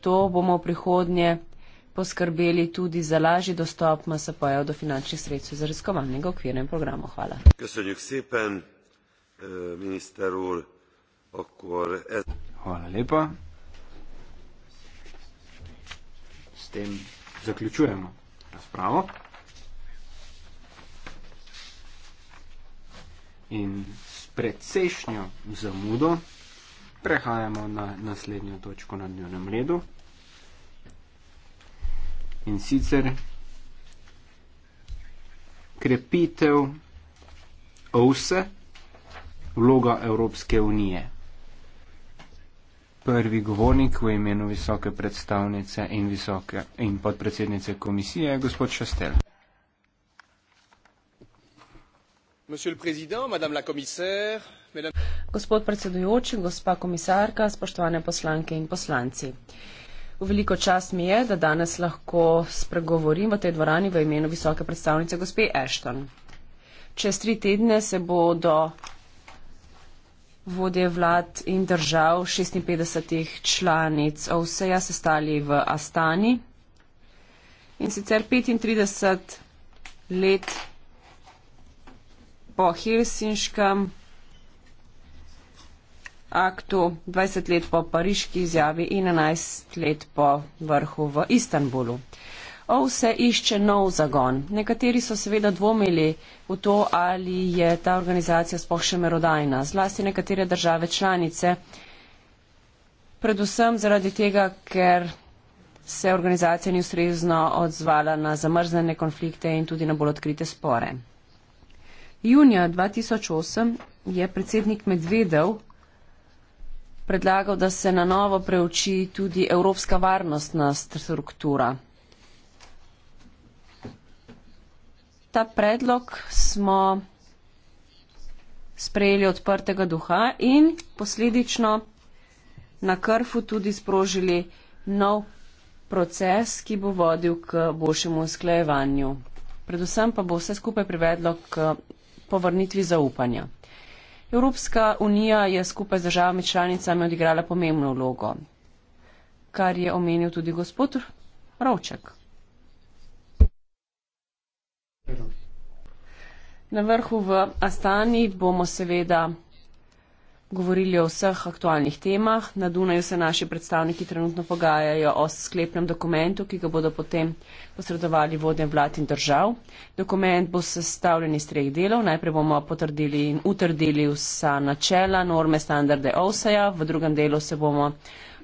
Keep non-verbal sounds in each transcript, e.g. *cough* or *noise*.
to bomo v prihodnje poskrbeli tudi za lažji dostop MSP-jev do finančnih sredstev za raziskovalnega okvirnega programa. Hvala. Eh, Hvala lepa. S tem zaključujemo razpravo. In s precejšnjo zamudo Prehajamo na naslednjo točko na dnevnem redu. In sicer krepitev OVSE, vloga Evropske unije. Prvi govornik v imenu visoke predstavnice in, visoke, in podpredsednice komisije je gospod Šastel. gospod predsedujoči gospa komisarka spoštovane poslanke in poslanci v veliko čast mi je da danes lahko spregovorim v tej dvorani v imenu visoke predstavnice gospe ashton čez tri tedne se bodo vodje vlad in držav šestinpetdesetih članic ovseja sestali v astani in sicer petintrideset let po Helsinškem aktu, 20 let po pariški izjavi in 11 let po vrhu v Istanbulu. OV se išče nov zagon. Nekateri so seveda dvomili v to, ali je ta organizacija sploh še merodajna. Zlasti nekatere države članice, predvsem zaradi tega, ker se organizacija ni ustrezno odzvala na zamrznene konflikte in tudi na bolj odkrite spore. Junija 2008 je predsednik Medvedev predlagal, da se na novo preuči tudi evropska varnostna struktura. Ta predlog smo sprejeli odprtega duha in posledično na krfu tudi sprožili nov proces, ki bo vodil k boljšemu usklajevanju. Predvsem pa bo vse skupaj privedlo k povrnitvi zaupanja. Evropska unija je skupaj z državami članicami odigrala pomembno vlogo, kar je omenil tudi gospod Rovček. Na vrhu v Astani bomo seveda govorili o vseh aktualnih temah. Na Dunaju se naši predstavniki trenutno pogajajo o sklepnem dokumentu, ki ga bodo potem posredovali vodem vlad in držav. Dokument bo sestavljen iz treh delov. Najprej bomo potrdili in utrdili vsa načela, norme, standarde OSAJA, v drugem delu se bomo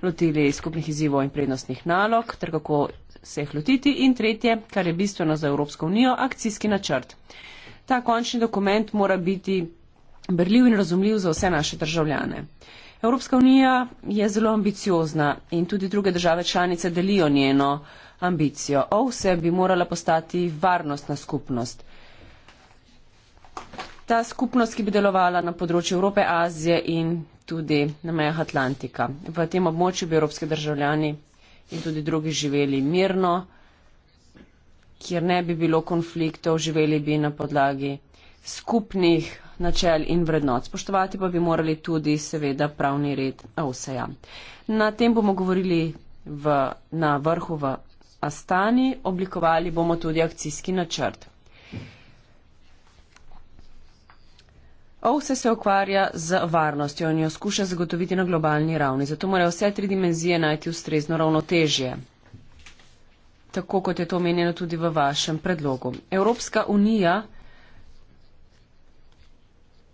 lotili skupnih izzivov in prednostnih nalog, ter kako se jih lotiti. In tretje, kar je bistveno za Evropsko unijo, akcijski načrt. Ta končni dokument mora biti berljiv in razumljiv za vse naše državljane. Evropska unija je zelo ambiciozna in tudi druge države članice delijo njeno ambicijo. OVSE bi morala postati varnostna skupnost. Ta skupnost, ki bi delovala na področju Evrope, Azije in tudi na mejah Atlantika. V tem območju bi evropski državljani in tudi drugi živeli mirno, kjer ne bi bilo konfliktov, živeli bi na podlagi skupnih uh, načel in vrednot, spoštovati pa bi morali tudi seveda pravni red Avseja. Na tem bomo govorili v, na vrhu v Astani, oblikovali bomo tudi akcijski načrt. Ovse se ukvarja z varnostjo in jo skuša zagotoviti na globalni ravni, zato morajo vse tri dimenzije najti ustrezno ravnotežje, tako kot je to omenjeno tudi v vašem predlogu. Evropska unija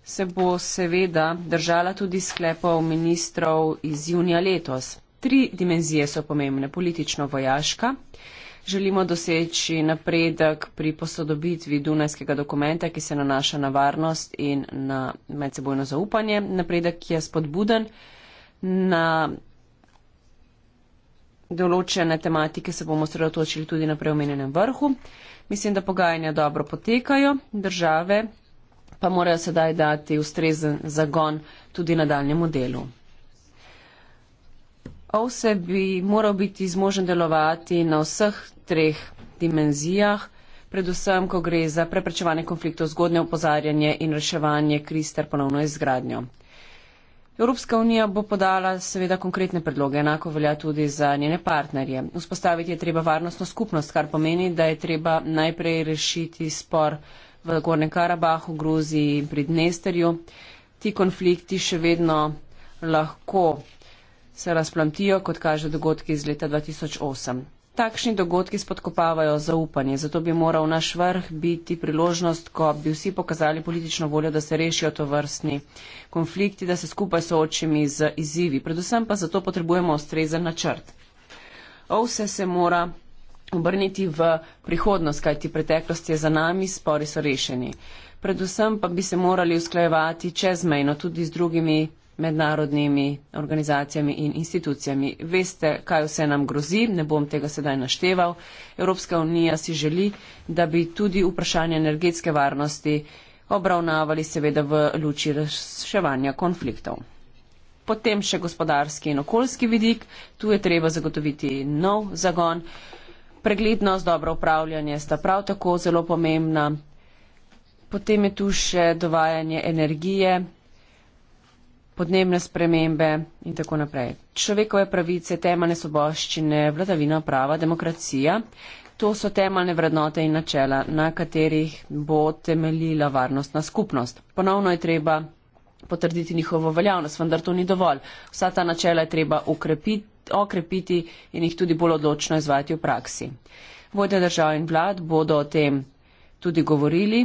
se bo seveda držala tudi sklepov ministrov iz junija letos. Tri dimenzije so pomembne, politično-vojaška. Želimo doseči napredek pri posodobitvi Dunajskega dokumenta, ki se nanaša na varnost in na medsebojno zaupanje. Napredek je spodbuden. Na določene tematike se bomo sredotočili tudi na preomenjenem vrhu. Mislim, da pogajanja dobro potekajo. Države pa morajo sedaj dati ustrezen zagon tudi na daljemu delu. OVSE bi moral biti zmožen delovati na vseh treh dimenzijah, predvsem, ko gre za preprečevanje konfliktov, zgodnje opozarjanje in reševanje kriz ter ponovno izgradnjo. Evropska unija bo podala seveda konkretne predloge, enako velja tudi za njene partnerje. Vzpostaviti je treba varnostno skupnost, kar pomeni, da je treba najprej rešiti spor v Gornjem Karabahu, Gruziji in pri Dnesterju. Ti konflikti še vedno lahko se razplamtijo, kot kaže dogodki iz leta 2008. Takšni dogodki spodkopavajo zaupanje, zato bi moral naš vrh biti priložnost, ko bi vsi pokazali politično voljo, da se rešijo to vrstni konflikti, da se skupaj soočimo z izzivi. Predvsem pa zato potrebujemo ustrezen načrt. Ovse se mora obrniti v prihodnost, kajti preteklost je za nami, spori so rešeni. Predvsem pa bi se morali usklajevati čezmejno tudi z drugimi mednarodnimi organizacijami in institucijami. Veste, kaj vse nam grozi, ne bom tega sedaj našteval. Evropska unija si želi, da bi tudi vprašanje energetske varnosti obravnavali seveda v luči reševanja konfliktov. Potem še gospodarski in okoljski vidik, tu je treba zagotoviti nov zagon preglednost, dobro upravljanje sta prav tako zelo pomembna. Potem je tu še dovajanje energije, podnebne spremembe in tako naprej. Človekove pravice, temeljne soboščine, vladavina prava, demokracija. To so temeljne vrednote in načela, na katerih bo temeljila varnostna skupnost. Ponovno je treba potrditi njihovo veljavnost, vendar to ni dovolj. Vsa ta načela je treba ukrepiti okrepiti in jih tudi bolj odločno izvajati v praksi. Vodje držav in vlad bodo o tem tudi govorili.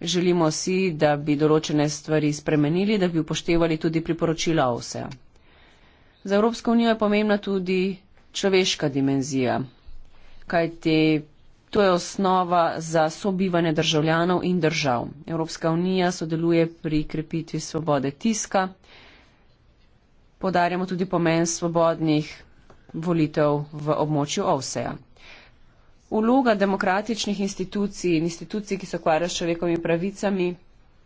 Želimo si, da bi določene stvari spremenili, da bi upoštevali tudi priporočila OSE. Za Evropsko unijo je pomembna tudi človeška dimenzija, kajti to je osnova za sobivanje državljanov in držav. Evropska unija sodeluje pri krepitvi svobode tiska podarjamo tudi pomen svobodnih volitev v območju Ovseja. Uloga demokratičnih institucij in institucij, ki se ukvarjajo s človekovimi pravicami,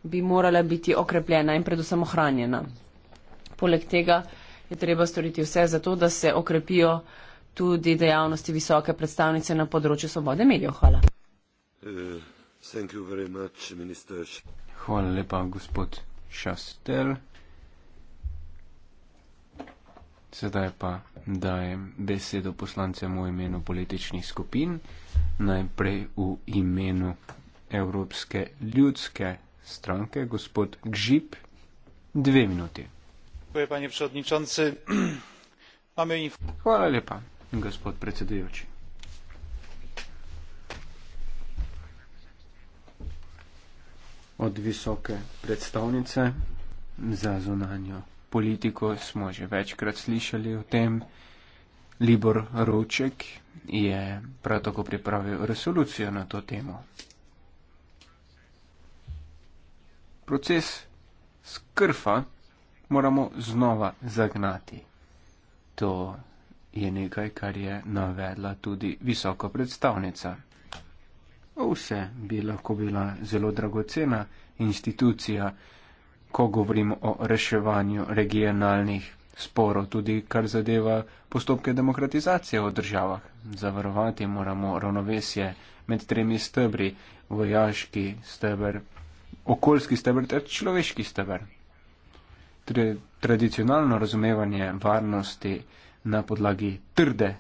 bi morala biti okrepljena in predvsem ohranjena. Poleg tega je treba storiti vse za to, da se okrepijo tudi dejavnosti visoke predstavnice na področju svobode medijev. Hvala. Uh, Hvala lepa, gospod Šastel. Sedaj pa dajem besedo poslancem v imenu političnih skupin, najprej v imenu Evropske ljudske stranke, gospod Gžip, dve minuti. *clears throat* Hvala lepa, gospod predsedujoči. Od visoke predstavnice za zunanjo politiko smo že večkrat slišali o tem. Libor Rovček je prav tako pripravil resolucijo na to temo. Proces skrfa moramo znova zagnati. To je nekaj, kar je navedla tudi visoka predstavnica. Vse bi lahko bila zelo dragocena institucija, ko govorimo o reševanju regionalnih sporov, tudi kar zadeva postopke demokratizacije v državah. Zavarovati moramo ravnovesje med tremi stebri, vojaški stebr, okoljski stebr ter človeški stebr. Tradicionalno razumevanje varnosti na podlagi trde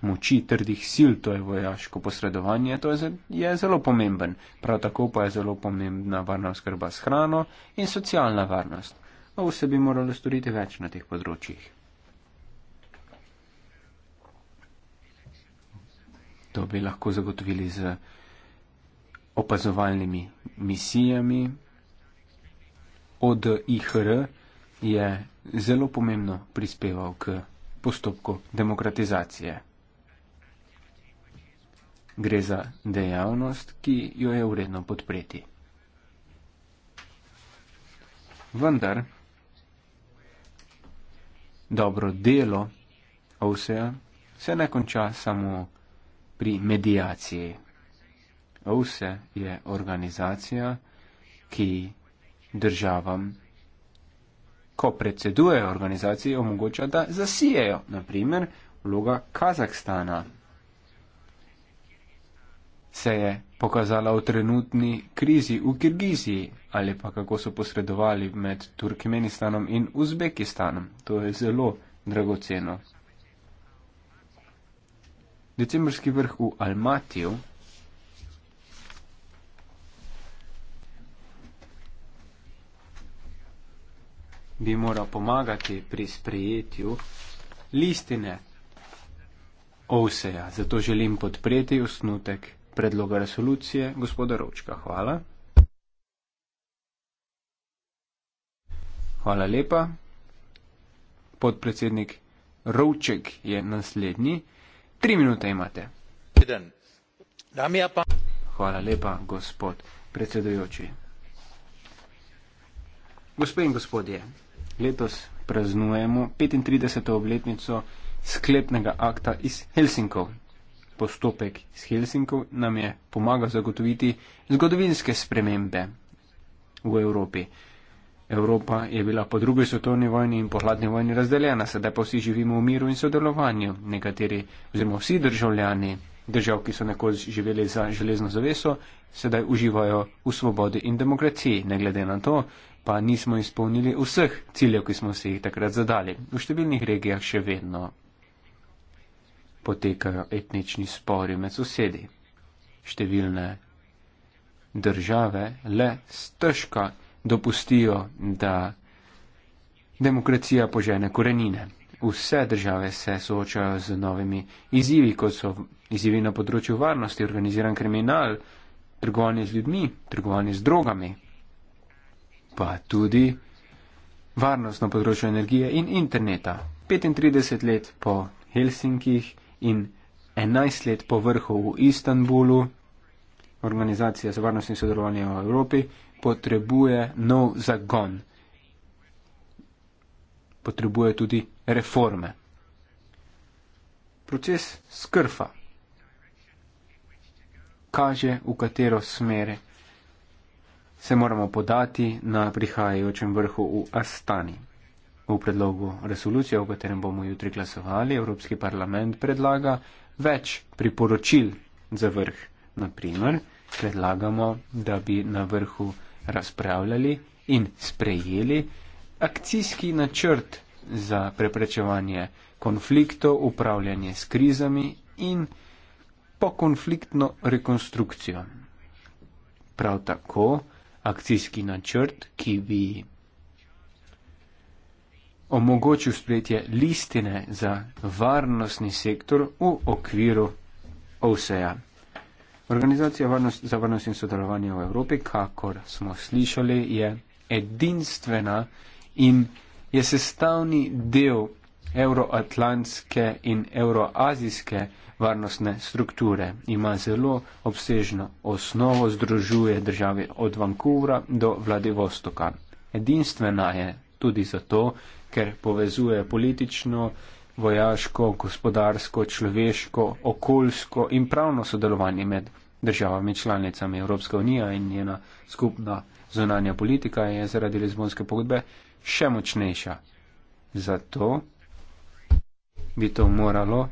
moči trdih sil, to je vojaško posredovanje, to je zelo pomemben. Prav tako pa je zelo pomembna varna skrba s hrano in socialna varnost. O no, vse bi moralo storiti več na teh področjih. To bi lahko zagotovili z opazovalnimi misijami. Od IHR je zelo pomembno prispeval k postopku demokratizacije. Gre za dejavnost, ki jo je vredno podpreti. Vendar dobro delo Ovseja se ne konča samo pri medijaciji. Ovse je organizacija, ki državam, ko predsedujejo organizaciji, omogoča, da zasijejo, naprimer, vloga Kazahstana se je pokazala v trenutni krizi v Kirgiziji ali pa kako so posredovali med Turkmenistanom in Uzbekistanom. To je zelo dragoceno. Decembrski vrh v Almatiju. bi moral pomagati pri sprejetju listine OSEA. Zato želim podpreti osnutek predloga resolucije gospoda Ročka. Hvala. Hvala lepa. Podpredsednik Rovček je naslednji. Tri minute imate. Hvala lepa, gospod predsedujoči. Gospe in gospodje, letos praznujemo 35. obletnico sklepnega akta iz Helsinkov postopek iz Helsinko nam je pomagal zagotoviti zgodovinske spremembe v Evropi. Evropa je bila po drugi svetovni vojni in po hladni vojni razdeljena, sedaj pa vsi živimo v miru in sodelovanju. Nekateri oziroma vsi državljani držav, ki so nekoč živeli za železno zaveso, sedaj uživajo v svobodi in demokraciji. Ne glede na to, pa nismo izpolnili vseh ciljev, ki smo si jih takrat zadali. V številnih regijah še vedno potekajo etnični spori med sosedi. Številne države le stežka dopustijo, da demokracija požene korenine. Vse države se soočajo z novimi izzivi, kot so izzivi na področju varnosti, organiziran kriminal, trgovanje z ljudmi, trgovanje z drogami, pa tudi varnost na področju energije in interneta. 35 let po Helsinkih in 11 let povrhu v Istanbulu, organizacija za varnost in sodelovanje v Evropi, potrebuje nov zagon. Potrebuje tudi reforme. Proces skrfa kaže, v katero smer se moramo podati na prihajajočem vrhu v Astani. V predlogu resolucije, o katerem bomo jutri glasovali, Evropski parlament predlaga več priporočil za vrh. Naprimer, predlagamo, da bi na vrhu razpravljali in sprejeli akcijski načrt za preprečevanje konfliktov, upravljanje s krizami in pokonfliktno rekonstrukcijo. Prav tako akcijski načrt, ki bi omogočil sprejetje listine za varnostni sektor v okviru OSEA. Organizacija varnost, za varnost in sodelovanje v Evropi, kakor smo slišali, je edinstvena in je sestavni del euroatlantske in euroazijske varnostne strukture. Ima zelo obsežno osnovo, združuje države od Vancouvra do Vladivostoka. Edinstvena je tudi zato, ker povezuje politično, vojaško, gospodarsko, človeško, okoljsko in pravno sodelovanje med državami članicami Evropske unije in njena skupna zunanja politika je zaradi Lizbonske pogodbe še močnejša. Zato bi to moralo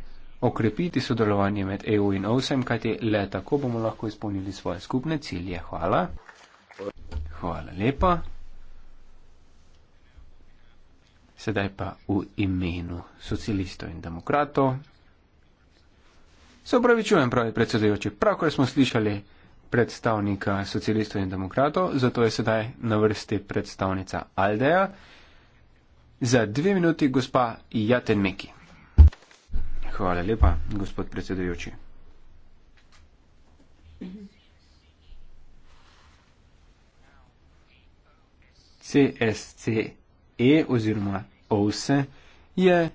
okrepiti sodelovanje med EU in OSEM, kajti le tako bomo lahko izpolnili svoje skupne cilje. Hvala. Hvala lepa. Sedaj pa v imenu socialistov in demokratov. Se upravičujem, pravi predsedujoči, pravkar smo slišali predstavnika socialistov in demokratov, zato je sedaj na vrsti predstavnica Aldeja. Za dve minuti, gospa Jaten Meki. Hvala lepa, gospod predsedujoči. CSC E oziroma OSE je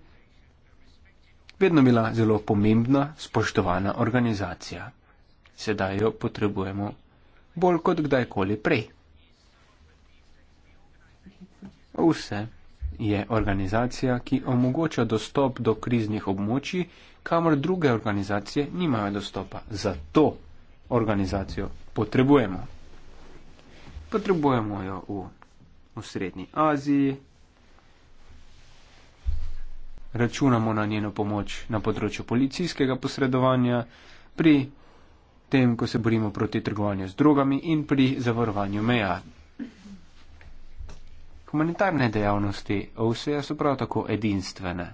vedno bila zelo pomembna, spoštovana organizacija. Sedaj jo potrebujemo bolj kot kdajkoli prej. OSE je organizacija, ki omogoča dostop do kriznih območij, kamor druge organizacije nimajo dostopa. Zato organizacijo potrebujemo. Potrebujemo jo v, v Srednji Aziji, računamo na njeno pomoč na področju policijskega posredovanja, pri tem, ko se borimo proti trgovanju z drogami in pri zavarovanju meja. Humanitarne dejavnosti OSEA so prav tako edinstvene.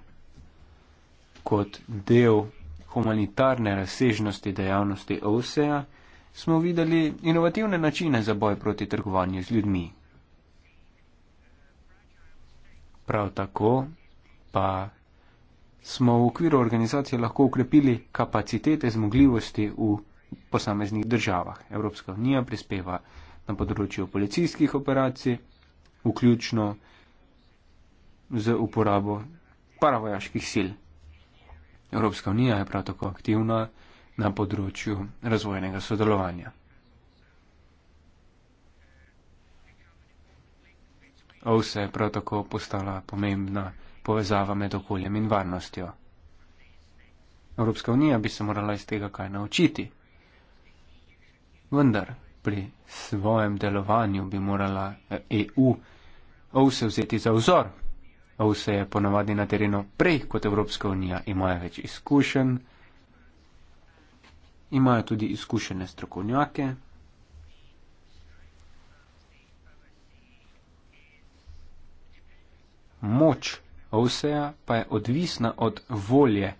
Kot del humanitarne razsežnosti dejavnosti OSEA smo videli inovativne načine za boj proti trgovanju z ljudmi. Prav tako pa smo v okviru organizacije lahko ukrepili kapacitete, zmogljivosti v posameznih državah. Evropska unija prispeva na področju policijskih operacij, vključno z uporabo paravojaških sil. Evropska unija je prav tako aktivna na področju razvojnega sodelovanja. OVSE je prav tako postala pomembna povezava med okoljem in varnostjo. Evropska unija bi se morala iz tega kaj naučiti. Vendar pri svojem delovanju bi morala EU eh, e ovse vzeti za vzor. Ovse je ponavadi na terenu prej kot Evropska unija, imajo več izkušenj, imajo tudi izkušene strokovnjake. Moč Ovseja pa je odvisna od volje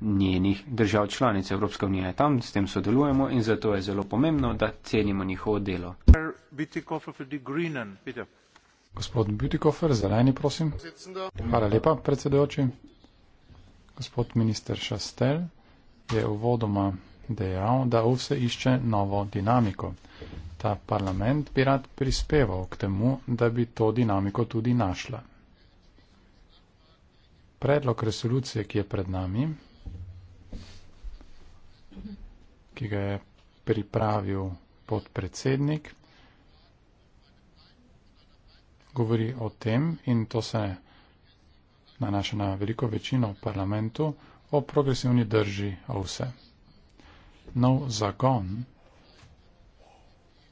njenih držav članic Evropske unije. Tam s tem sodelujemo in zato je zelo pomembno, da cenimo njihovo delo. Gospod Butikofer, zeleni, prosim. Hvala lepa, predsedujoči. Gospod minister Šastel je uvodoma dejal, da vse išče novo dinamiko. Ta parlament bi rad prispeval k temu, da bi to dinamiko tudi našla. Predlog resolucije, ki je pred nami, ki ga je pripravil podpredsednik, govori o tem in to se nanaša na veliko večino v parlamentu, o progresivni drži o vse. Nov zagon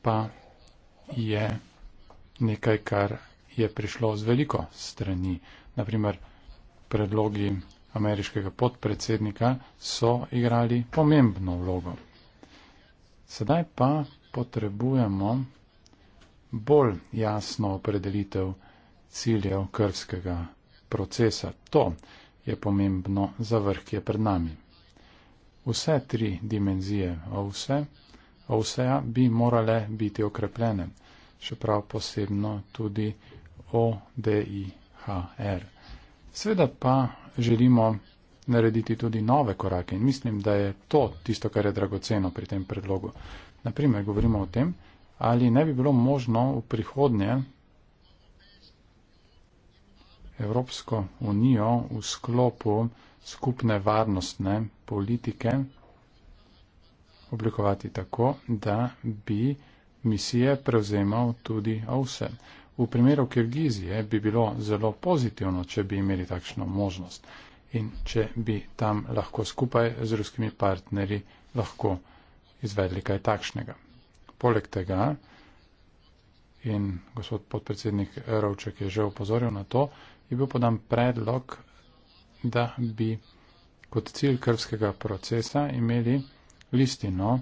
pa je nekaj, kar je prišlo z veliko strani. Naprimer, predlogi ameriškega podpredsednika so igrali pomembno vlogo. Sedaj pa potrebujemo bolj jasno opredelitev ciljev krvskega procesa. To je pomembno za vrh, ki je pred nami. Vse tri dimenzije ovse, ovseja bi morale biti okrepljene, čeprav posebno tudi ODIHR. Sveda pa želimo narediti tudi nove korake in mislim, da je to tisto, kar je dragoceno pri tem predlogu. Naprimer, govorimo o tem, ali ne bi bilo možno v prihodnje Evropsko unijo v sklopu skupne varnostne politike oblikovati tako, da bi misije prevzemal tudi OVSE. V primeru Kirgizije bi bilo zelo pozitivno, če bi imeli takšno možnost in če bi tam lahko skupaj z ruskimi partnerji lahko izvedli kaj takšnega. Poleg tega, in gospod podpredsednik Rovček je že upozoril na to, je bil podan predlog, da bi kot cilj krvskega procesa imeli listino,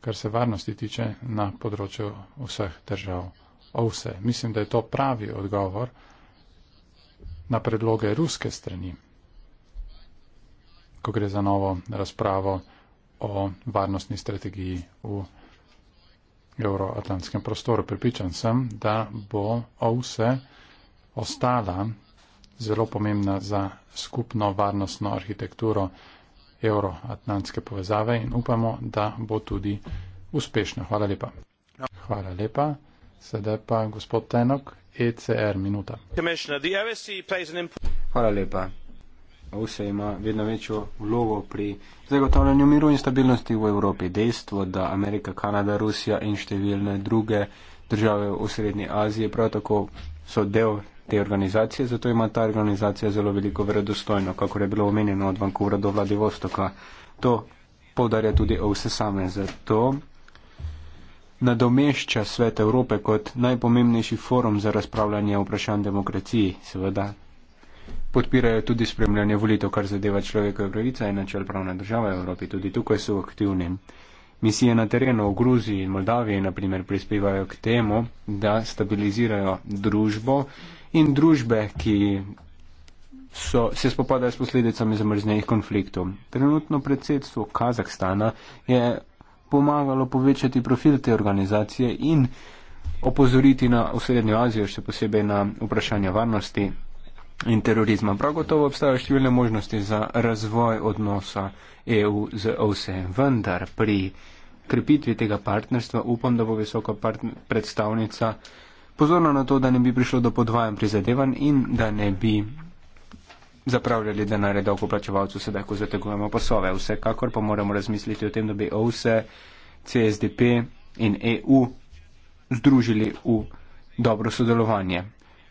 kar se varnosti tiče na področju vseh držav o vse. Mislim, da je to pravi odgovor na predloge ruske strani, ko gre za novo razpravo o varnostni strategiji v euroatlantskem prostoru. Pripričan sem, da bo o vse ostala zelo pomembna za skupno varnostno arhitekturo euroatlantske povezave in upamo, da bo tudi uspešna. Hvala lepa. Ja. Hvala lepa. Sedaj pa gospod Tenok, ECR minuta. Hvala lepa. OSE ima vedno večjo vlogo pri zagotavljanju miru in stabilnosti v Evropi. Dejstvo, da Amerika, Kanada, Rusija in številne druge države v Srednji Aziji prav tako so del te organizacije, zato ima ta organizacija zelo veliko verodostojno, kako je bilo omenjeno od Vancouvra do Vladivostoka. To povdarja tudi OSE same, zato nadomešča Svet Evrope kot najpomembnejši forum za razpravljanje vprašanj demokraciji, seveda. Podpirajo tudi spremljanje volitev, kar zadeva človekove pravice in načel pravne države v Evropi. Tudi tukaj so aktivni. Misije na terenu v Gruziji in Moldaviji, na primer, prispevajo k temu, da stabilizirajo družbo in družbe, ki so, se spopadajo s posledicami zamrznenih konfliktov. Trenutno predsedstvo Kazahstana je pomagalo povečati profil te organizacije in opozoriti na osrednjo Azijo, še posebej na vprašanje varnosti in terorizma. Prav gotovo obstajajo številne možnosti za razvoj odnosa EU z OSE, vendar pri krepitvi tega partnerstva upam, da bo visoka predstavnica pozorna na to, da ne bi prišlo do podvajanj prizadevanj in da ne bi zapravljali denarje davkoplačevalcev, sedaj ko zategujemo pasove. Vsekakor pa moramo razmisliti o tem, da bi OVSE, CSDP in EU združili v dobro sodelovanje.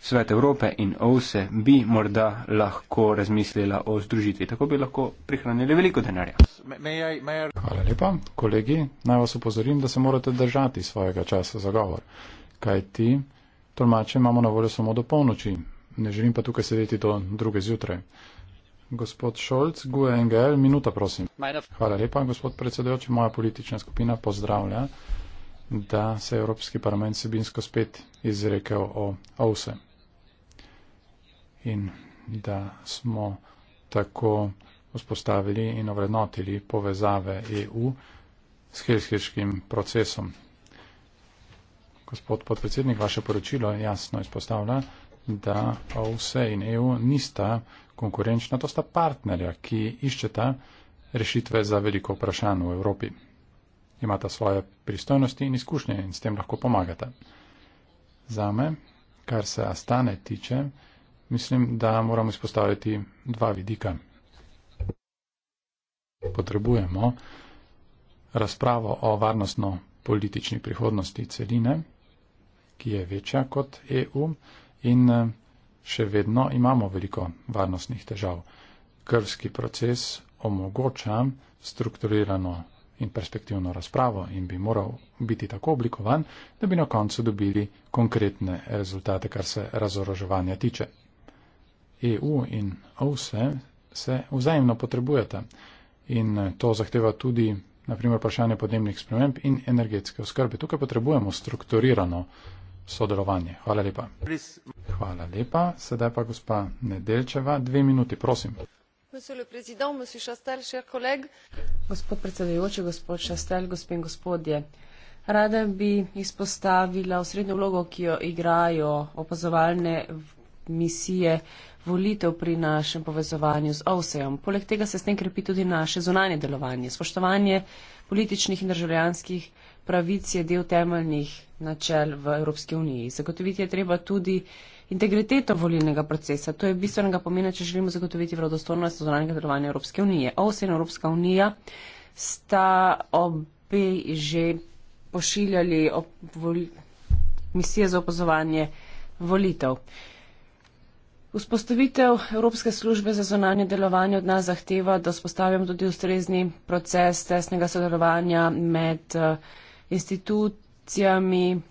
Svet Evrope in OVSE bi morda lahko razmislila o združitvi, tako bi lahko prihranili veliko denarja. Hvala lepa, kolegi. Naj vas upozorim, da se morate držati svojega časa za govor. Kaj ti? Tolmače imamo na voljo samo do polnoči. Ne želim pa tukaj sedeti do druge zjutraj. Gospod Šolc, GUE NGL, minuta prosim. Hvala lepa, gospod predsedujoči. Moja politična skupina pozdravlja, da se je Evropski parlament sebinsko spet izrekel o OVSE in da smo tako vzpostavili in ovrednotili povezave EU s helskiškim procesom. Gospod podpredsednik, vaše poročilo jasno izpostavlja, da OVSE in EU nista konkurenčna, to sta partnerja, ki iščeta rešitve za veliko vprašanj v Evropi. Imata svoje pristojnosti in izkušnje in s tem lahko pomagata. Za me, kar se Astane tiče, mislim, da moramo izpostaviti dva vidika. Potrebujemo razpravo o varnostno-politični prihodnosti celine, ki je večja kot EU, in eh, še vedno imamo veliko varnostnih težav. Krvski proces omogoča strukturirano in perspektivno razpravo in bi moral biti tako oblikovan, da bi na koncu dobili konkretne rezultate, kar se razoroževanja tiče. EU in OSE se vzajemno potrebujete in eh, to zahteva tudi naprimer vprašanje podnebnih sprememb in energetske oskrbe. Tukaj potrebujemo strukturirano sodelovanje. Hvala lepa. Hvala lepa. Sedaj pa gospa Nedelčeva, dve minuti, prosim. Gospod predsedujoči, gospod Šastel, gospe in gospodje. Rada bi izpostavila osrednjo vlogo, ki jo igrajo opazovalne misije volitev pri našem povezovanju z OSEJom. Poleg tega se s tem krepi tudi naše zunanje delovanje. Spoštovanje političnih in državljanskih pravic je del temeljnih načel v Evropski uniji. Zagotoviti je treba tudi integriteto volilnega procesa. To je bistvenega pomena, če želimo zagotoviti vrodostornost zunanjega delovanja Evropske unije. OSE in Evropska unija sta obe že pošiljali ob voli, misije za opozovanje volitev. Vzpostavitev Evropske službe za zonanje delovanje od nas zahteva, da spostavimo tudi ustrezni proces tesnega sodelovanja med eh, institut, organizacijami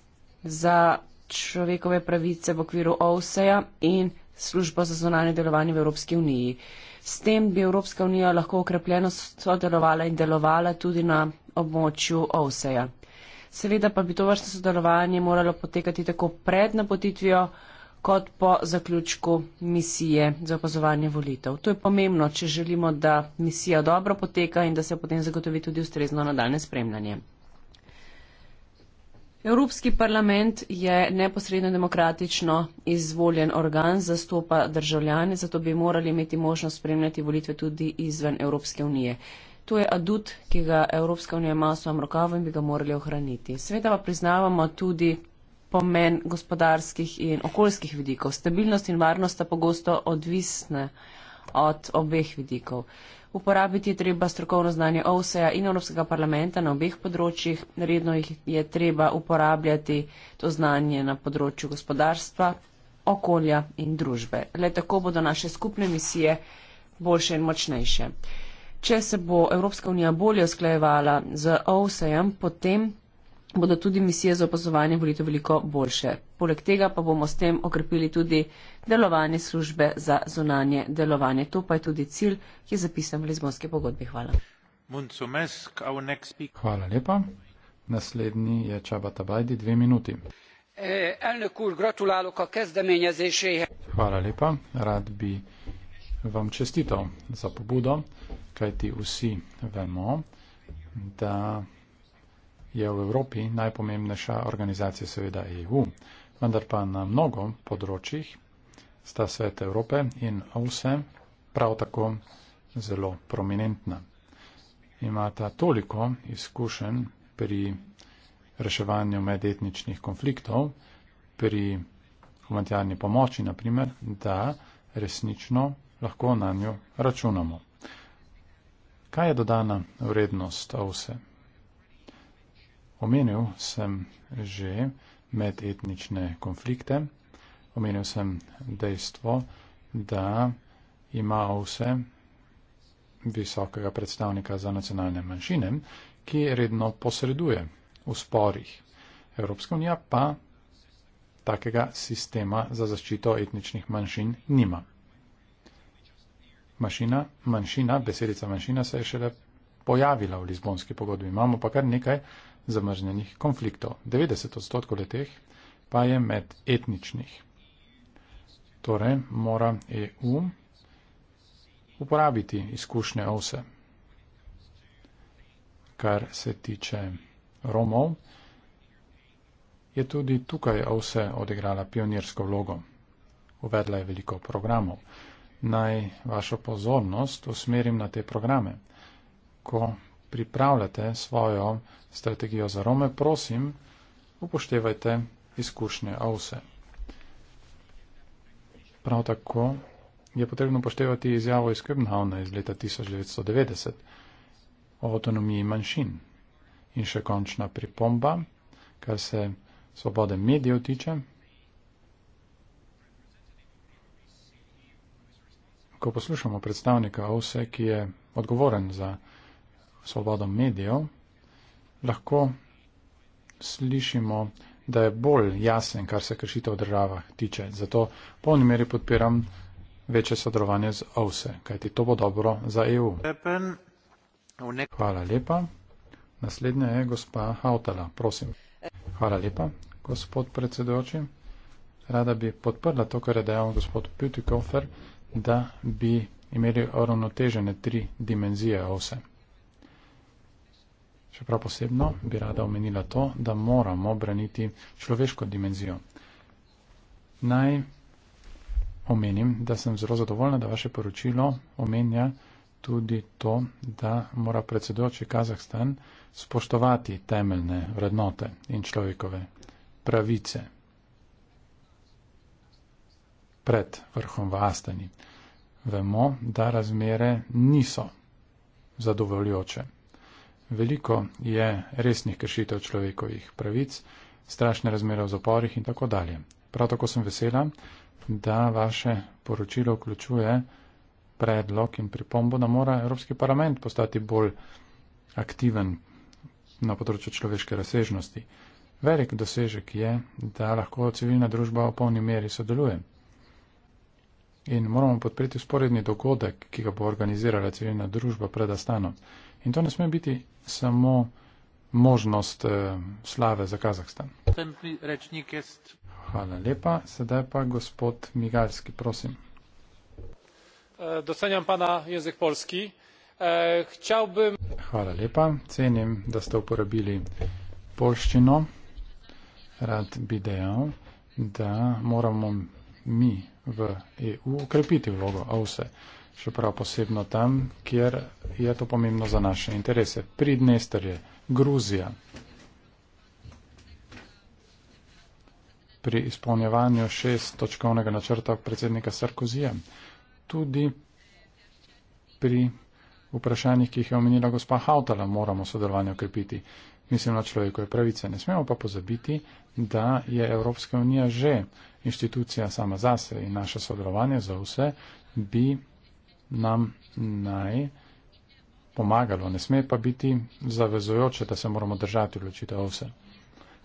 za človekove pravice v okviru OVSE-ja in službo za zonanje delovanje v Evropski uniji. S tem bi Evropska unija lahko okrepljeno sodelovala in delovala tudi na območju OVSE-ja. Seveda pa bi to vrstno sodelovanje moralo potekati tako pred napotitvijo, kot po zaključku misije za opazovanje volitev. To je pomembno, če želimo, da misija dobro poteka in da se potem zagotovi tudi ustrezno nadaljne spremljanje. Evropski parlament je neposredno demokratično izvoljen organ, zastopa državljane, zato bi morali imeti možnost spremljati volitve tudi izven Evropske unije. To je adut, ki ga Evropska unija ima v svojem rokavu in bi ga morali ohraniti. Sveda pa priznavamo tudi pomen gospodarskih in okoljskih vidikov. Stabilnost in varnost sta pogosto odvisne od obeh vidikov. Uporabiti je treba strokovno znanje OVSE-ja in Evropskega parlamenta na obeh področjih. Redno jih je treba uporabljati to znanje na področju gospodarstva, okolja in družbe. Le tako bodo naše skupne misije boljše in močnejše. Če se bo Evropska unija bolje usklajevala z OVSE-jem, potem bodo tudi misije za opazovanje volitev veliko boljše. Poleg tega pa bomo s tem okrepili tudi delovanje službe za zunanje delovanje. To pa je tudi cilj, ki je zapisan v Lizbonske pogodbi. Hvala. Hvala lepa. Naslednji je Čabata Bajdi, dve minuti. Eh, Hvala lepa. Rad bi vam čestital za pobudo, kajti vsi vemo, da je v Evropi najpomembnejša organizacija seveda EU, vendar pa na mnogo področjih sta svet Evrope in OVSE prav tako zelo prominentna. Imata toliko izkušenj pri reševanju medetničnih konfliktov, pri humanitarni pomoči, naprimer, da resnično lahko na njo računamo. Kaj je dodana vrednost OVSE? Omenil sem že medetnične konflikte, omenil sem dejstvo, da ima vse visokega predstavnika za nacionalne manjšine, ki redno posreduje v sporih. Evropska unija pa takega sistema za zaščito etničnih manjšin nima. Mašina, manjšina, besedica manjšina se je šele pojavila v Lizbonski pogodbi. Imamo pa kar nekaj zamrznjenih konfliktov. 90 odstotkov leteh pa je med etničnih. Torej, mora EU uporabiti izkušnje OSE. Kar se tiče Romov, je tudi tukaj OSE odigrala pionirsko vlogo. Uvedla je veliko programov. Naj vašo pozornost usmerim na te programe. Ko pripravljate svojo strategijo za Rome, prosim, upoštevajte izkušnje AUSE. Prav tako je potrebno upoštevati izjavo iz Köbenhavna iz leta 1990 o avtonomiji manjšin. In še končna pripomba, kar se svobode medijev tiče. Ko poslušamo predstavnika AUSE, ki je odgovoren za svobodo medijev, lahko slišimo, da je bolj jasen, kar se kršitev v državah tiče. Zato v polni meri podpiram večje sodelovanje z OVSE, kajti to bo dobro za EU. Hvala lepa. Naslednja je gospa Hautala, prosim. Hvala lepa, gospod predsedujoči. Rada bi podprla to, kar je dejal gospod Pütikofer, da bi imeli uravnotežene tri dimenzije OVSE. Čeprav posebno bi rada omenila to, da moramo braniti človeško dimenzijo. Naj omenim, da sem zelo zadovoljna, da vaše poročilo omenja tudi to, da mora predsedujoči Kazahstan spoštovati temeljne vrednote in človekove pravice pred vrhom v Astani. Vemo, da razmere niso zadovoljujoče. Veliko je resnih kršitev človekovih pravic, strašne razmere v zaporih in tako dalje. Prav tako sem vesela, da vaše poročilo vključuje predlog in pripombo, da mora Evropski parlament postati bolj aktiven na področju človeške razsežnosti. Velik dosežek je, da lahko civilna družba v polni meri sodeluje. In moramo podpreti sporedni dogodek, ki ga bo organizirala civilna družba pred Astanom. In to ne sme biti samo možnost eh, slave za Kazahstan. Hvala lepa. Sedaj pa gospod Migalski, prosim. E, doceniam pana jezik polski. E, chciałbym... Hvala lepa. Cenim, da ste uporabili polščino. Rad bi dejal, da moramo mi v EU ukrepiti vlogo AUSE, še prav posebno tam, kjer je to pomembno za naše interese. Pridnester je Gruzija. Pri izpolnjevanju šestočkovnega načrta predsednika Sarkozija, tudi pri vprašanjih, ki jih je omenila gospa Hautala, moramo sodelovanje ukrepiti. Mislim na človekove pravice. Ne smemo pa pozabiti, da je Evropska unija že inštitucija sama za se in naše sodelovanje za vse bi nam naj pomagalo. Ne sme pa biti zavezojoče, da se moramo držati odločitev vse.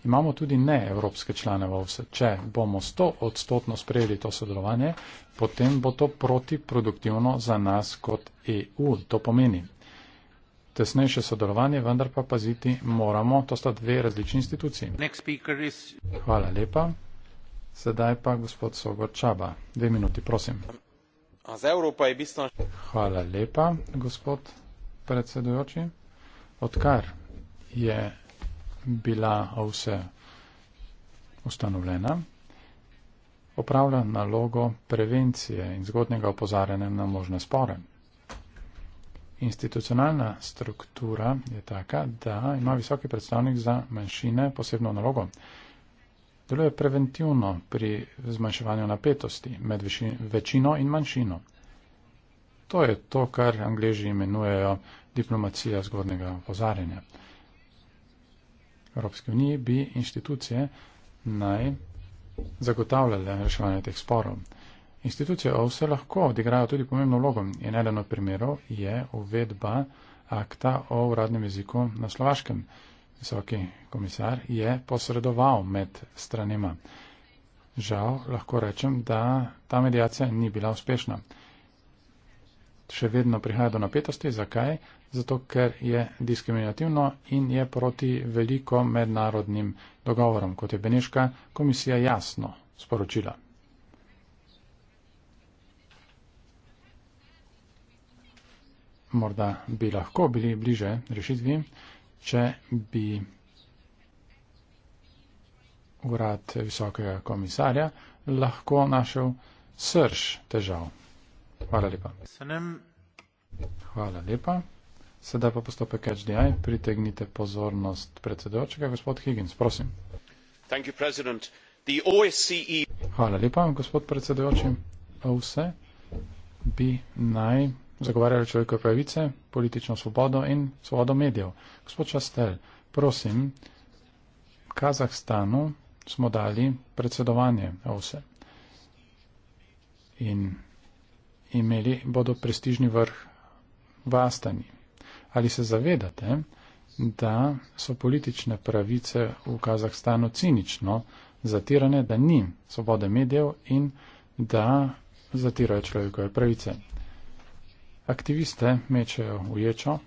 Imamo tudi ne evropske člane v vse. Če bomo 100 odstotno sprejeli to sodelovanje, potem bo to protiproduktivno za nas kot EU. To pomeni, tesnejše sodelovanje, vendar pa paziti moramo, to sta dve različni instituciji. Is... Hvala lepa. Sedaj pa gospod Sogor Čaba. Dve minuti, prosim. Bistveno... Hvala lepa, gospod predsedujoči. Odkar je bila OVSE ustanovljena, opravlja nalogo prevencije in zgodnega opozarjanja na možne spore institucionalna struktura je taka, da ima visoki predstavnik za manjšine posebno nalogo. Deluje preventivno pri zmanjševanju napetosti med večino in manjšino. To je to, kar angleži imenujejo diplomacija zgodnega opozarjanja. Evropske unije bi inštitucije naj zagotavljale reševanje teh sporov. Institucije OVSE lahko odigrajo tudi pomembno vlogo in eden od primerov je uvedba akta o uradnem jeziku na slovaškem. Visoki komisar je posredoval med stranima. Žal lahko rečem, da ta medijacija ni bila uspešna. Še vedno prihaja do napetosti. Zakaj? Zato, ker je diskriminativno in je proti veliko mednarodnim dogovorom, kot je Beneška komisija jasno sporočila. morda bi lahko bili bliže rešitvi, če bi urad visokega komisarja lahko našel srž težav. Hvala lepa. Hvala lepa. Sedaj pa postopek HDI. Pritegnite pozornost predsedojočega, gospod Higgins, prosim. E Hvala lepa, gospod predsedojoči. Vse bi naj zagovarjali človekove pravice, politično svobodo in svobodo medijev. Gospod Častel, prosim, Kazahstanu smo dali predsedovanje OSE in imeli bodo prestižni vrh v Astani. Ali se zavedate, da so politične pravice v Kazahstanu cinično zatirane, da ni svobode medijev in da zatirajo človekove pravice? Aktiviste mečejo v ječo.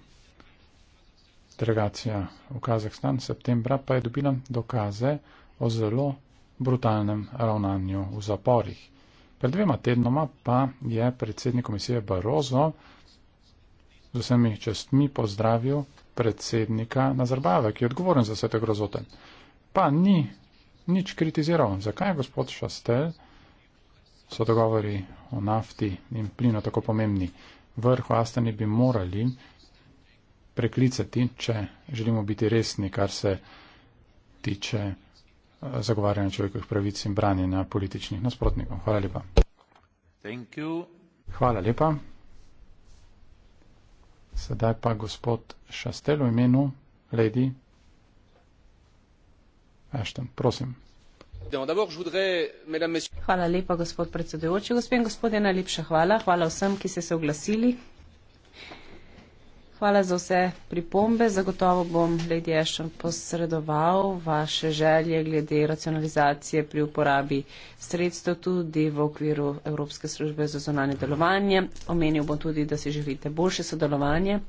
Delegacija v Kazahstan septembra pa je dobila dokaze o zelo brutalnem ravnanju v zaporih. Pred dvema tednoma pa je predsednik komisije Barozo z vsemi čestmi pozdravil predsednika Nazarbave, ki je odgovoren za vse te grozote. Pa ni nič kritiziral. Zakaj je gospod Šastel, so dogovori o nafti in plinu tako pomembni? vrh Astane bi morali preklicati, če želimo biti resni, kar se tiče eh, zagovarjanja človekovih pravic in branjenja političnih nasprotnikov. Hvala lepa. Hvala lepa. Sedaj pa gospod Šastel v imenu Lady Ashton. Prosim. Hvala lepa, gospod predsedujoči. Gospod in gospodje, najlepša hvala. Hvala vsem, ki ste se oglasili. Hvala za vse pripombe. Zagotovo bom Lady Ashton posredoval vaše želje glede racionalizacije pri uporabi sredstev tudi v okviru Evropske službe za zonanje delovanje. Omenil bom tudi, da si želite boljše sodelovanje.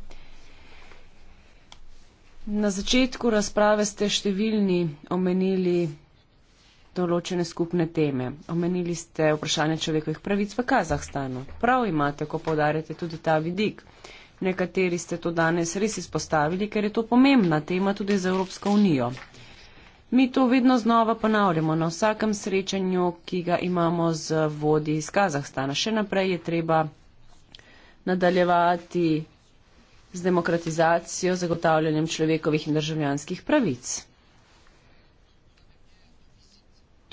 Na začetku razprave ste številni omenili določene skupne teme. Omenili ste vprašanje človekovih pravic v Kazahstanu. Prav imate, ko povdarjate tudi ta vidik. Nekateri ste to danes res izpostavili, ker je to pomembna tema tudi za Evropsko unijo. Mi to vedno znova ponavljamo na vsakem srečanju, ki ga imamo z vodi iz Kazahstana. Še naprej je treba nadaljevati z demokratizacijo, zagotavljanjem človekovih in državljanskih pravic.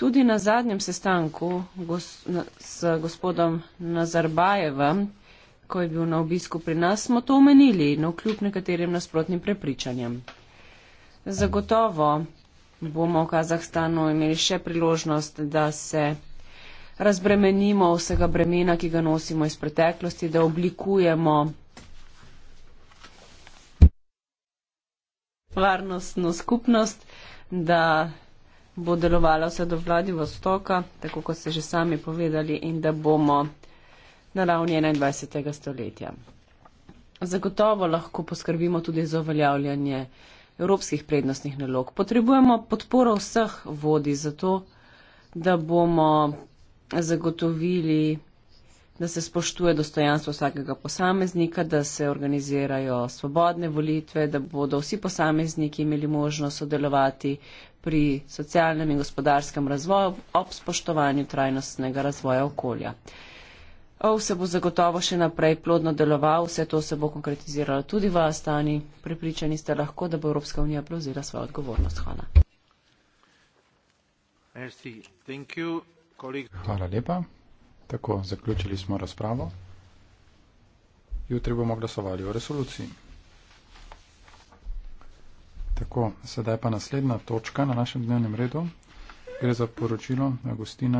Tudi na zadnjem sestanku gos, na, s gospodom Nazarbajevem, ko je bil na obisku pri nas, smo to omenili, no kljub nekaterim nasprotnim prepričanjem. Zagotovo bomo v Kazahstanu imeli še priložnost, da se razbremenimo vsega bremena, ki ga nosimo iz preteklosti, da oblikujemo varnostno skupnost, da bo delovala vse do Vladivostoka, tako kot ste že sami povedali, in da bomo na ravni 21. stoletja. Zagotovo lahko poskrbimo tudi za uveljavljanje evropskih prednostnih nalog. Potrebujemo podporo vseh vodi za to, da bomo zagotovili da se spoštuje dostojanstvo vsakega posameznika, da se organizirajo svobodne volitve, da bodo vsi posamezniki imeli možnost sodelovati pri socialnem in gospodarskem razvoju ob spoštovanju trajnostnega razvoja okolja. OV se bo zagotovo še naprej plodno deloval, vse to se bo konkretiziralo tudi v Astani. Pripričani ste lahko, da bo Evropska unija prevzela svojo odgovornost. Hvala. Hvala lepa. Tako, zaključili smo razpravo. Jutri bomo glasovali o resoluciji. Tako, sedaj pa naslednja točka na našem dnevnem redu. Gre za poročilo Agustina.